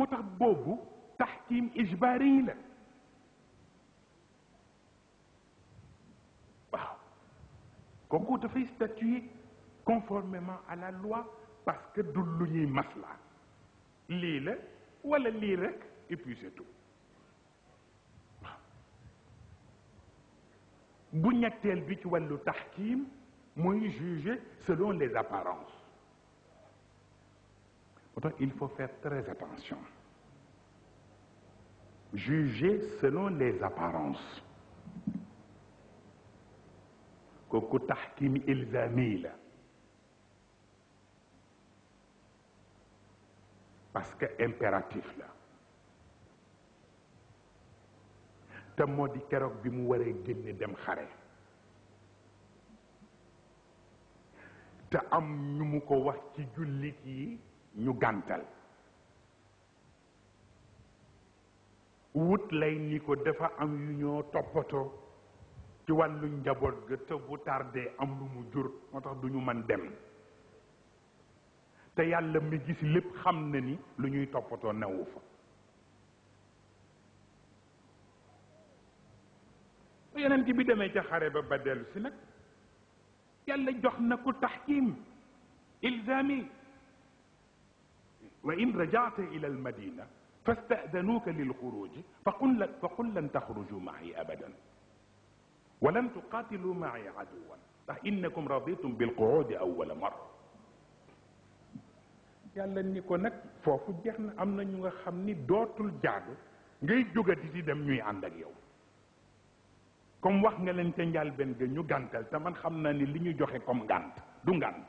moo bobu tahkim ijbari la waaw kooku dafay statuer conformément à la loi parce que du lu ñuy maslaa lii la wala li rek et puis c'est tout bu ñettel bi ci walu tahkim moy juger selon les apparences Pourtant, il faut faire très attention. Juger selon les apparences. kooku taxkim ilzami parce que impératif là. Ta modi di bi mu waré génne dem xaré. Ta am ñu mu ko wax ci jullit yi ñu gàntal wut lay ni ko dafa am yu ñoo toppatoo ci wàllu njaboot ga te bu tardé am lu mu jur moo tax du ñu mën dem te yàlla mi gis lépp xam na ni lu ñuy toppatoo newu fa yonent bi demee ca xare ba ba dellu si nag yàlla jox na ko taxkiim ilzaami وإن رجعت إلى المدينة فاستأذنوك للخروج فقل, فقل لن تخرجوا معي أبدا ولن تقاتلوا معي عدوا فإنكم أه، رضيتم بالقعود أول مرة يلا نيكو فوفو جيخنا امنا نيغا خامني دوتول جاد غي جوغا دي دي دم نيي اندك يو كوم واخ نالن بن غا نيو غانتال تا مان نيو جوخي كوم غانت دو غانت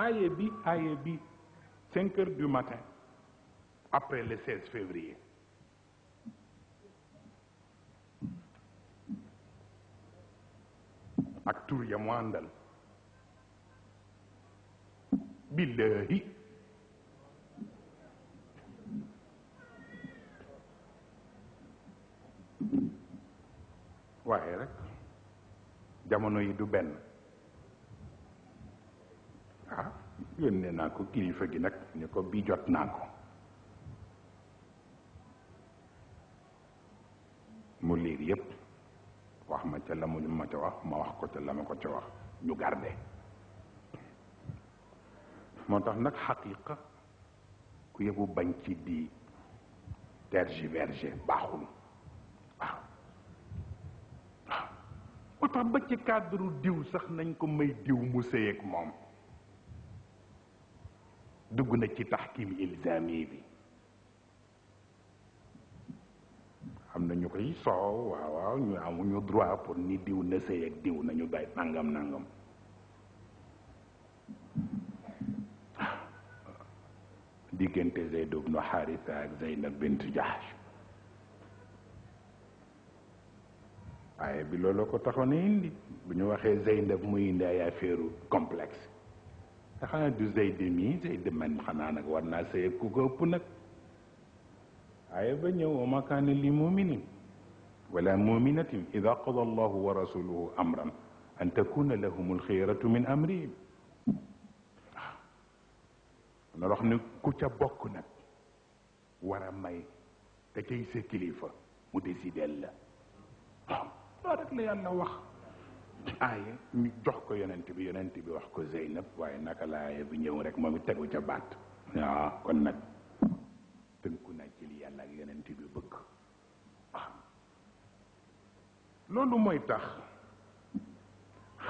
Ayebi, Ayebi, 5 heures du matin, après le 16 février. ak tur ya mu àndal billahi du ah yónnee naa ko kilifa gi nag ni ko bi jot naa ko mu liir yépp wax ma ca la mu ma ca wax ma wax ko ca la ma ko ca wax ñu garde moo tax nag xaqiqa ku yëgu bañ ci di tergiverser baaxul waaw waaw moo tax ba ci cadre diw sax nañ ko may diw mu sëy ak moom dugg na ci taxkim ilzami bi am na ñu koy soow waaw waaw ñu amuñu droit pour ni diw na sëy ak diw nañu bàyyi nangam nangam diggante zayd ibnu xaarisa ak zaynab bint jahsh waaye bi loolu ko taxoon a indi bu ñu waxee zaynab muy indi ay affaire complexe te xanaa du Zeydi mii Zeydi man xanaa nag war naa sëy ku ko ëpp nag aaya ba ñëw wa ma kaana li muminin wala muminatin ida qada allahu wa rasuluhu amran an takuna lahum alxiyaratu min amrihim waaw na loo xam ne ku ca bokk nag war a may te cay sa kilifa mu décidel la waaw loo rek la yàlla wax aye ah, ñu jox ko yonent bi yonent bi wax ko Zeynab waaye naka la bi ñëw rek momi it tegu ca baat waaw ah, kon nag tënku na jël li yàlla ak yonent bi bëgg waaw ah. loolu mooy tax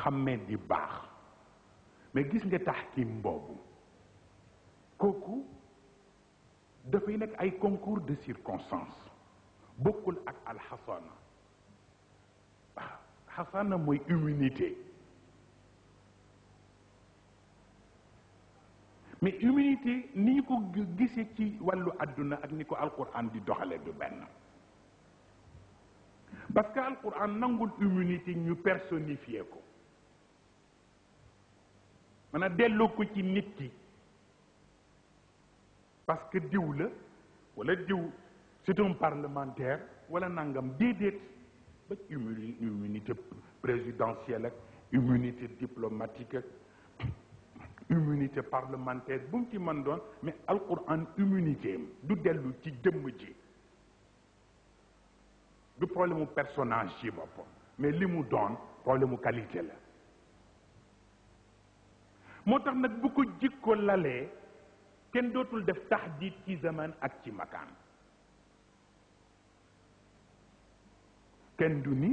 xàmmee di baax mais gis nga taxkim boobu kooku dafay nekk ay concours de circonstance bokkul ak alxasana xasaana mooy immunité mais immunité ni ñu ko gisee ci wàllu àdduna ak ni ko alquran di doxale du benn parce que alquran nangul immunité ñu personnifier ko mën a delloo ko ci nit ki parce que diw la wala diw c'est un parlementaire wala nangam déedéet immunité présidentielle immunité diplomatique immunité parlementaire bon mu ci mën doon mais alquran immunité d'où des dellu ci jëmm ji du problème au personnage ci mais les mu problème mu qualité la moo tax nag bu ko jikko lalee ont dootul def taxdiit ci zaman ak ci kenn du ni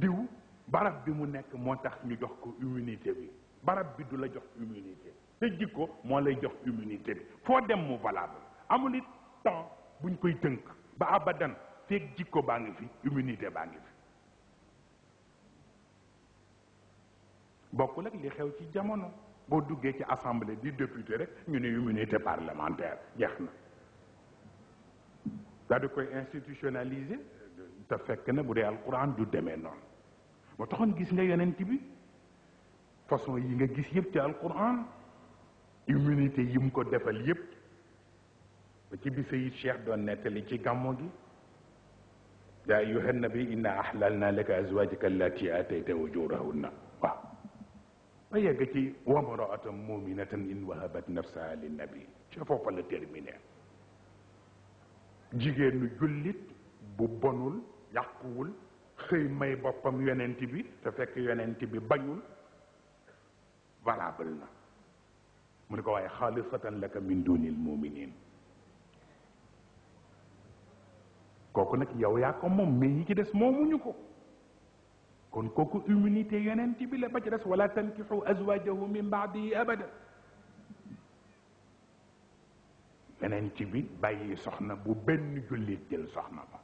diw barab bi mu nek motax ñu jox ko immunité bi barab bi du la jox immunité te jikko moo lay jox immunité bi foo dem mu valable amul it temps buñ koy tënk ba abadan feeg jikko baa fi immunité baa ngi fi bokkul ak li xew ci jamono bo duggé ci assemblée di député rek ñu né immunité parlementaire jeex na daal di koy institutionnaliser te fekk na bu dee alquran du demee noonu moo taxoon gis nga yonent bi façon yi nga gis yëpp ci alquran immunité yi mu ko defal yëpp ba ci bi sayid cheikh doon nettali ci gàmmo gi yaa ayuha nabi inna ahlalna laka azwajaka allati atayta wujurahunna waaw ba yegg ci wa mraatan muminatan in wahabat nafsaha linnabi ca foofa la terminer jigéenu julit bu bonul yakul xëy may bopam yonenti bi te fek yonenti bi bañul valable na mu ko way xaalisatan laka min dunil muminin koku nak yow ya ko mom mi ci dess momuñu ko kon koku immunité yonenti bi la ba ci dess wala tankihu azwajahu min ba'di abada yonenti bi bàyyi soxna bu benn jullit jël soxna ba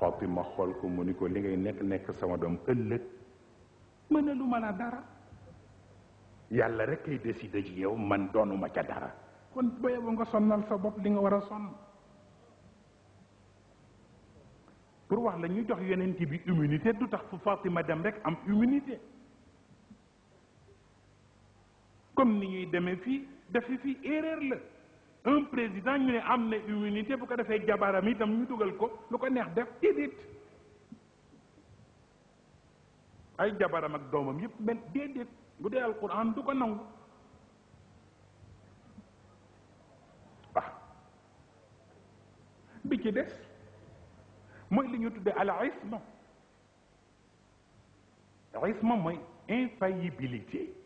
xoppi ma xool ko mu ni ko li ngay nekk nekk sama doom ëllëg mënalu ma la dara yàlla rek ay décidé ci yow man doonuma ca dara kon boyeba nga sonnal sa bopp li nga war a sonn pour wax la ñu jox yonent bi immunité du tax fu Fatima dem rek am immunité comme ni ñuy demee fii dafa fii erreur la un président ñu ne amné immunité bu ko defee jabaram itam ñu fait ko lu neex def a ay jabaram ak domam yépp ben bu tout alcorane du ko bi ci dess moy li ñu al isma isma moy infaillibilité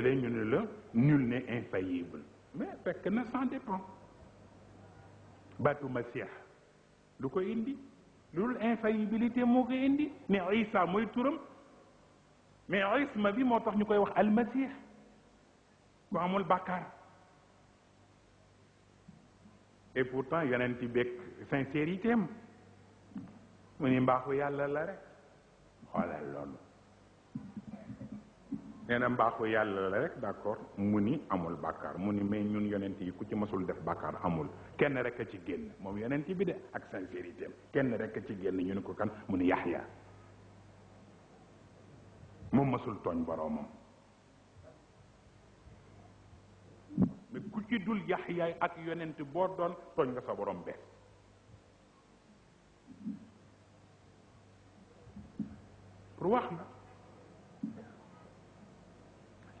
léeg-léeg ne nul n'est infaillible mais fekk na ça dépend baatu masiix lu ko indi loolu infaillibilité moo ko indi ne Issa mooy turam mais isma bi moo tax ñu koy wax almasix bu amul bakar. et pourtant yeneen ti bekk sincérité am mu ni mbaaxu yàlla la rek xoolal loolu nee na mbaaxu yàlla la rek d'accord mu ni amul bàkkaar mu ni mais ñun yonent yi ku ci masul def bàkkaar amul kenn rek a ci génn moom yonent bi de ak sincérité kenn rek a ci génn ñu ni ko kan mu ni Yaxya moom masul tooñ boroomam mais ku ci dul Yaxyaay ak yonent boo doon tooñ nga sa borom bees pour wax na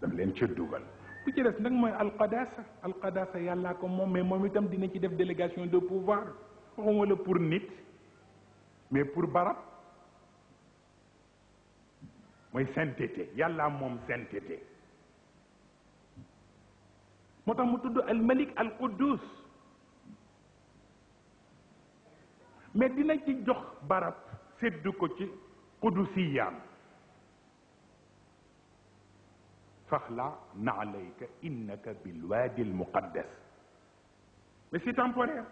daf leen ci dougal bu ci def des nag mooy alqadasa alqadasa yàllaa ko mom mais mom itam dina ci def délégation de pouvoir waxuma la pour nit mais pour barab moy sainteté yalla mom sainteté moo mu tudd al malik al quddus mais dina ci jox barab seddu ko ci quddusiyaam فاخلع نعليك انك بالوادي المقدس بس تامبورير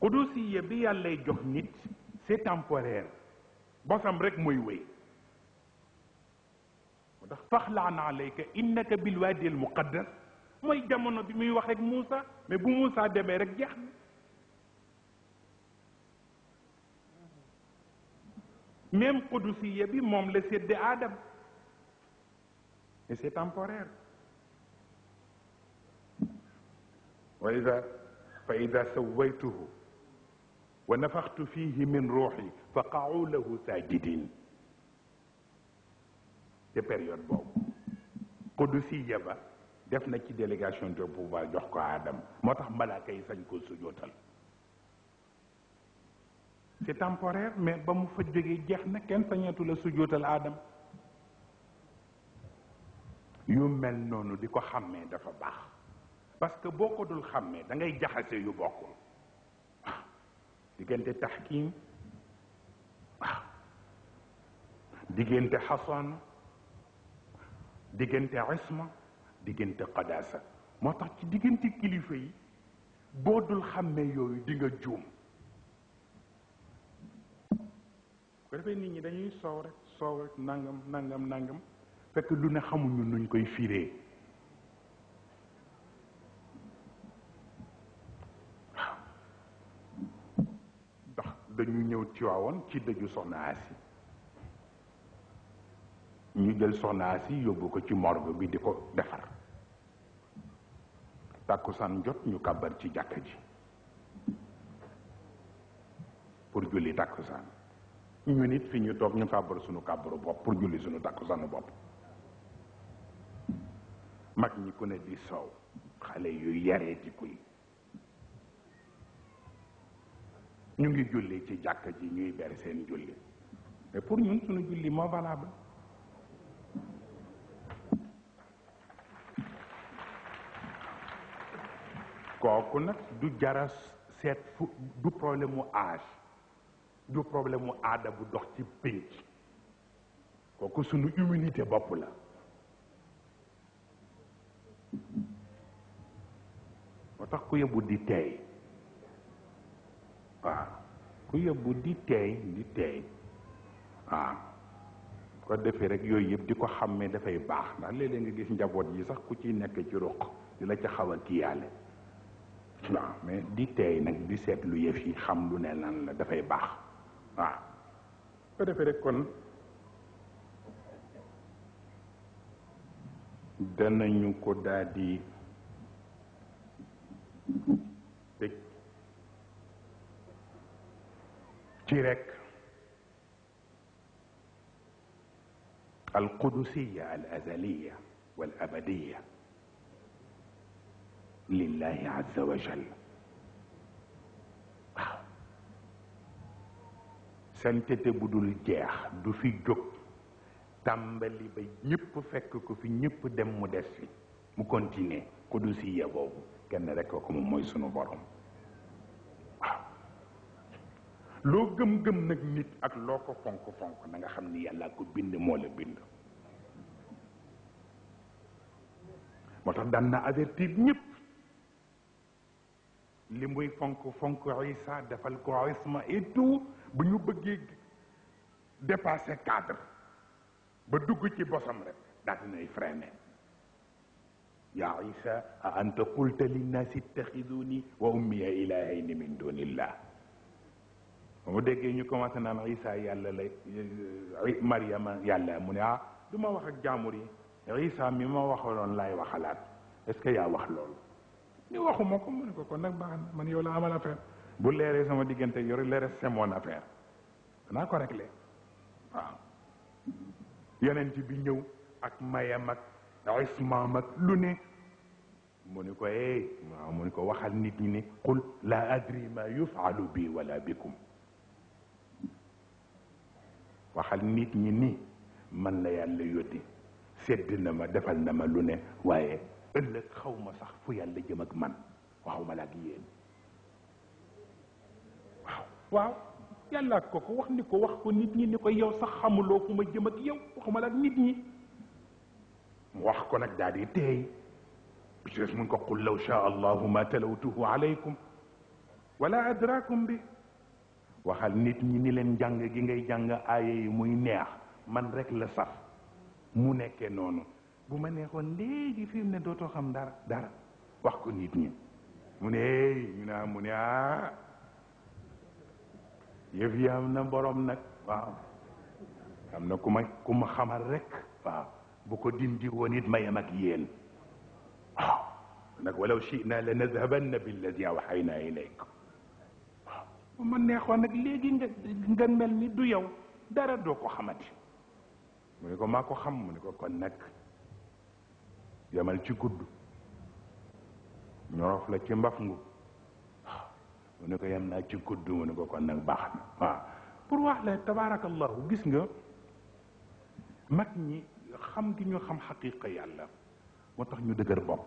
قدوسي بي الله جوخ نيت سي تامبورير بوسام ريك موي وي فاخلع نعليك انك بالوادي المقدس موي جامونو بي موي واخ موسى مي بو موسى ديبي ريك جيخني même quddusiya bi moom la sédde adam et c'est temporaire wa ida fa ida sawaytuhu wa nafaxtu fihi min ruuxi fa qaau lahu saajidin te période boobu quddusiya ba def na ci délégation de pouvoir jox ko aadam moo tax malaaka yi sañ ko sujootal c'est temporaire mais ba mu fajj joge jeex na ken sañatu la sujjóotal adam yu mel nonu diko xamé dafa bax parce que boko dul xamé da ngay jaxase yu bokkul digenté tahkim digenté hasan digenté isma digenté qadasa motax ci digenté kilifa yi bo dul xamé yoyu di nga djoum ko nit ñi dañuy soow rek soow rek nangam nangam nangam fekk lu ne xamuñu nuñ koy firee waaw ndax dañu ñëw Tiwaawoon ci dëju soxna Asi ñu jël soxna Asi yóbbu ko ci morgue bi di ko defar tàkkusaan jot ñu kàbbar ci jàkka ji pour julli tàkkusaan ñun it fi ñu no ñu kàbbaru sunu kàbbaru bopp pour julli sunu tàkkusaanu bopp mag ñi ku ne di soow xale yu yaree ci kuy ñu ngi julli ci jàkk ji ñuy ber seen julli mais pour ñun sunu julli moo valable kooku nag du jara seet fu du problème mu âge du problème mu aada bu dox ci pénc kooku sunu immunité bopp la moo tax ku yóbbu di teey waaw ku yóbbu di teey di teey waaw ko defee rek yooyu yëpp di ko xàmmee dafay baax ndax léeg-léeg nga gis njaboot yi sax ku ci nekk ci ruq di la ci xaw a kiyaale waaw mais di teey nag di seetlu yëf yi xam lu ne naan la dafay baax Ah. kon danañu ko daldi tek ci rek القدسيه الازليه والابديه لله عز وجل santete bu dul jeex du fi jóg tambali ba ñepp fekk ko fi ñepp dem mu des fi mu continuer ko du si yabob kenn rek ko moom moy sunu borom lo loo gëm-gëm nag nit ak loko fonk-fonk na nga xamni yalla ko bind mo la bind moo tax na avertir ñepp li muy fonk fonk isa defal ko isma et tout bu ñu bëggee dépasser cadre ba dugg ci bosam rek daal dinay freiné ya isa a anta qulta linnaasi ittaxiduni wa ummiya ilahayni min dunillah ba mu déggee ñu commencé naan isa yàlla la mariama yàlla mu ne ah du ma wax ak jaamur yi isa mi ma waxaloon laay waxalaat est ce que yaa wax loolu ni waxuma ko mu ne ko kon nag baax na man yow la amal affaire bu léré sama digënté yori léré sé mon affaire dana ko réglé waaw yonent bi ñëw ak mayam ak ismaam ak lu ne mu ni ko é waaw mu ni ko waxal nit ñi ne qul la adri ma yufalu bi wala bikum waxal nit ñi ni man la yàlla yóddi sedd na ma defal na ma lu ne waaye ëllëg xaw ma sax fu yàlla jëm ak man waxuma la ak yéen waaw yàlla ko ko wax ni ko wax ko nit ñi ni ko yow sax xamuloo fu ma jëm ak yow waxuma la ak nit ñi mu wax ko nag daal di teey bi ci des mun ko qul law shaa allahu ma talawtuhu alaykum wala adraakum bi waxal nit ñi ni leen jàng gi ngay jàng aaya yi muy neex man rek la saf mu nekkee noonu bu ma neexoon léegi fi mu ne dootoo xam dara dara wax ko nit ñi mu ne ñu ne mu ne ah yëf yi am na borom nag am na ku ma ku ma xamal rek waaw bu ko dindi woon it ma yem ak yéen waaw nag walaw shi'na la nadhabanna billadi awhayna ilayk waaw bu ma mel ni du yow dara doo ko xamati mu ne ko maa ko xam mu ne ko kon nag yemal ci gudd ñorof la ci mbaf ngu mu ne ko yem naa ci kudd mu ne ko kon nag baax na waaw pour wax la tabaarakallahu gis nga mag ñi xam gi ñu xam xaqiqa yàlla moo tax ñu dëgër bopp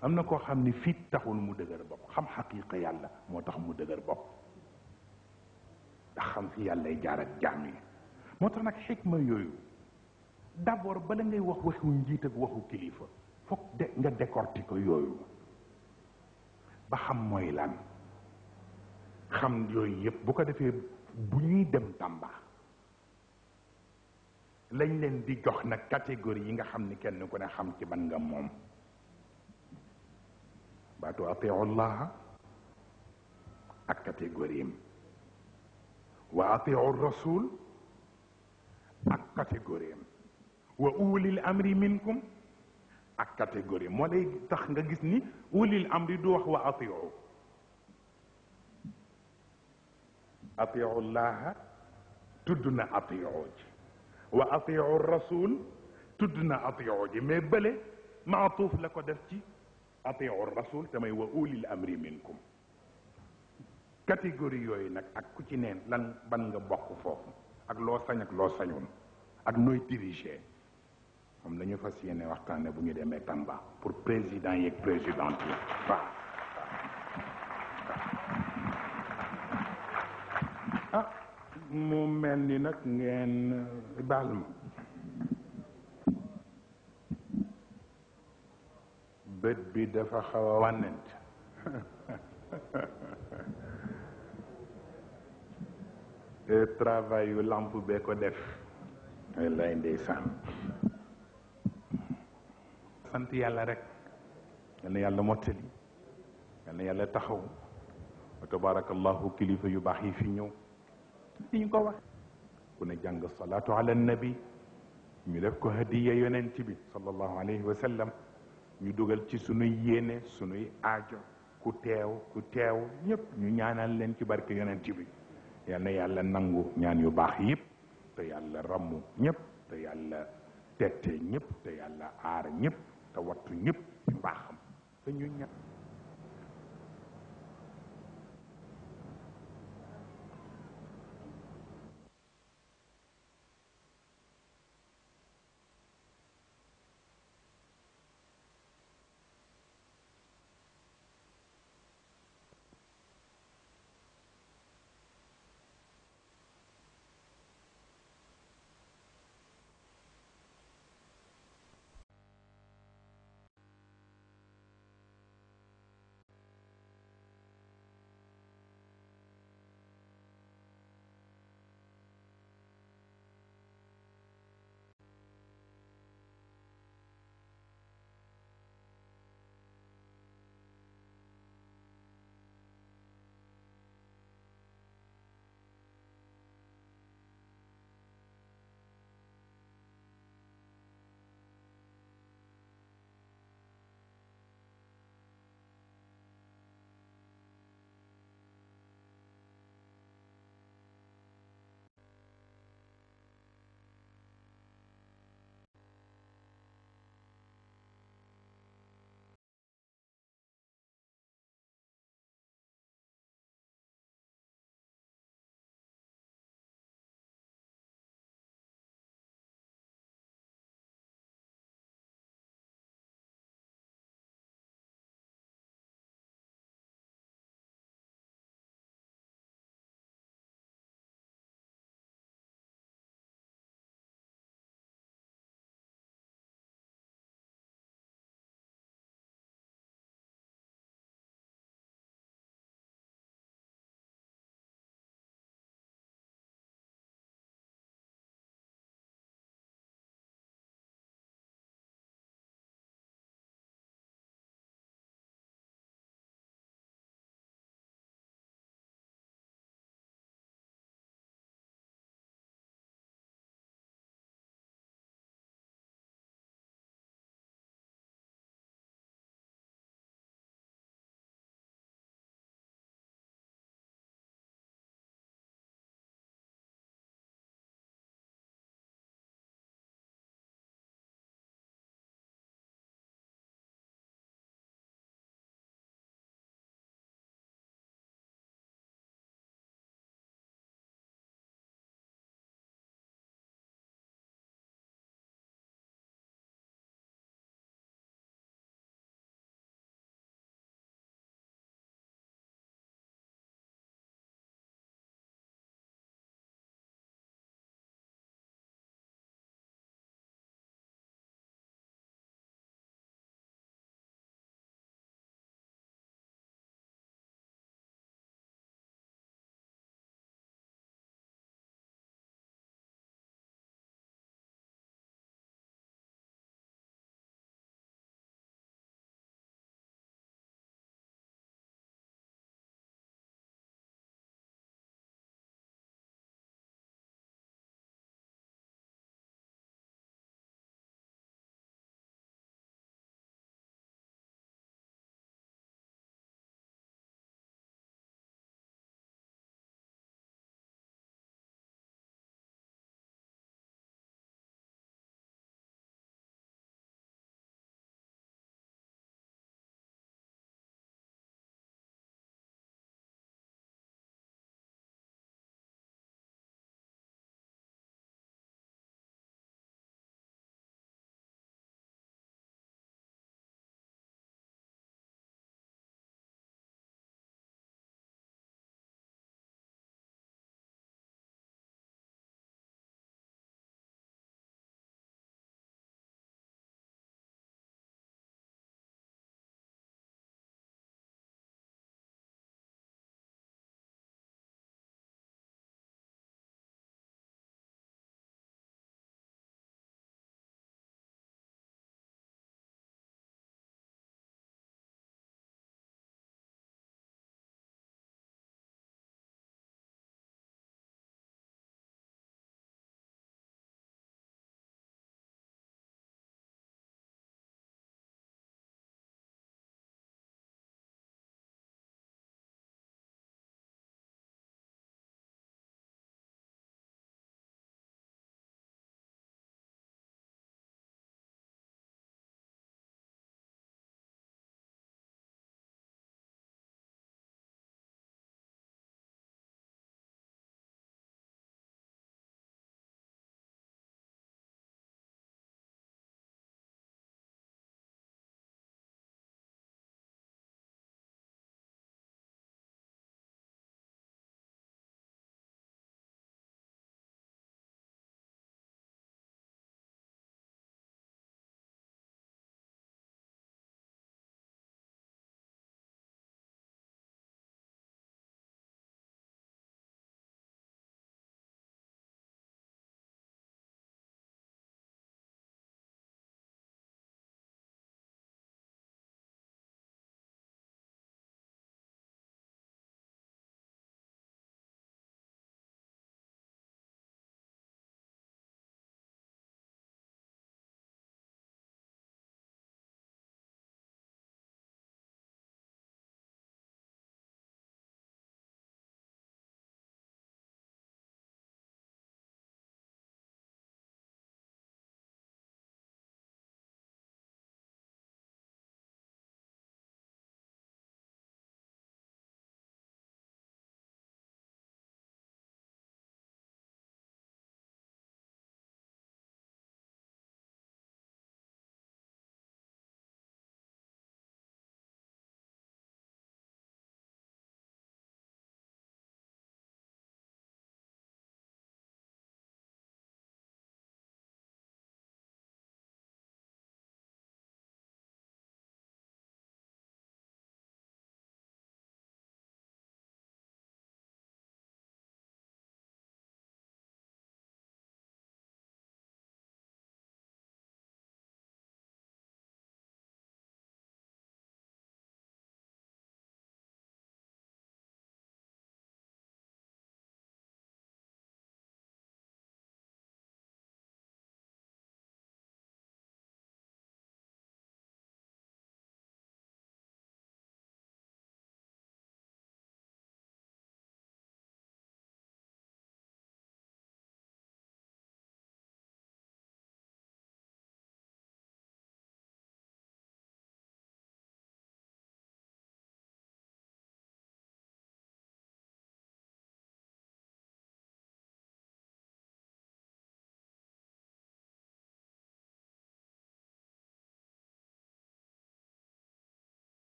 am na koo xam ni fit taxul mu dëgër bopp xam xaqiqa yàlla moo tax mu dëgër bopp ndax xam fi yàllay jaar ak jaam yi moo tax nag xikma yooyu d'abord bala ngay wax waxu njiit ak waxu kilifa foog de nga décortiquer ko yooyu ba xam mooy lan xam yooyu yëpp bu ko defee bu ñuy dem Tamba lañ leen di jox nag catégorie yi nga xam ni kenn ku ne xam ci ban nga moom baatu atiu llaha ak catégorie am wa atiu rasul ak catégorie am wa ulil amri minkum ak catégorie moo lay tax nga gis ni ulil amri du wax wa atiu atiu llaha tudd na atiu ji wa atiu rasul tudd na atiu ji mais bële maatuuf la ko def ci atiu rasul tamay wa ulil amri minkum catégorie yooyu nag ak ku ci neen lan ban nga bokk foofu ak loo sañ ak loo sañoon ak nooy diriger comme dañu fas yéene waxtaane bu ñu demee Tamba pour président yeeg présidente presidente ah mo mel ni nag ngeen baal ma bët bi dafa xaw a wànnent travail yu lamp bee ko def lay ndeysaan sant yàlla rek yalla yàlla motali yalla yàlla taxaw wa tabarakallahu kilifa yu baax yi fi ñëw li ñu ko wax ku ne jàng salatu ala nabi mi def ko hadiya yonent bi sallallahu alayhi wa sallam ñu duggal ci suñu yene suñu aajo ku teew ku teew ñëpp ñu ñaanal leen ci barke yonent bi yalla yàlla nangu ñaan yu bax yi te yàlla rammu ñëpp te yàlla tete ñëpp te yàlla ar ñëpp te wattu ñëpp ci mbaaxam te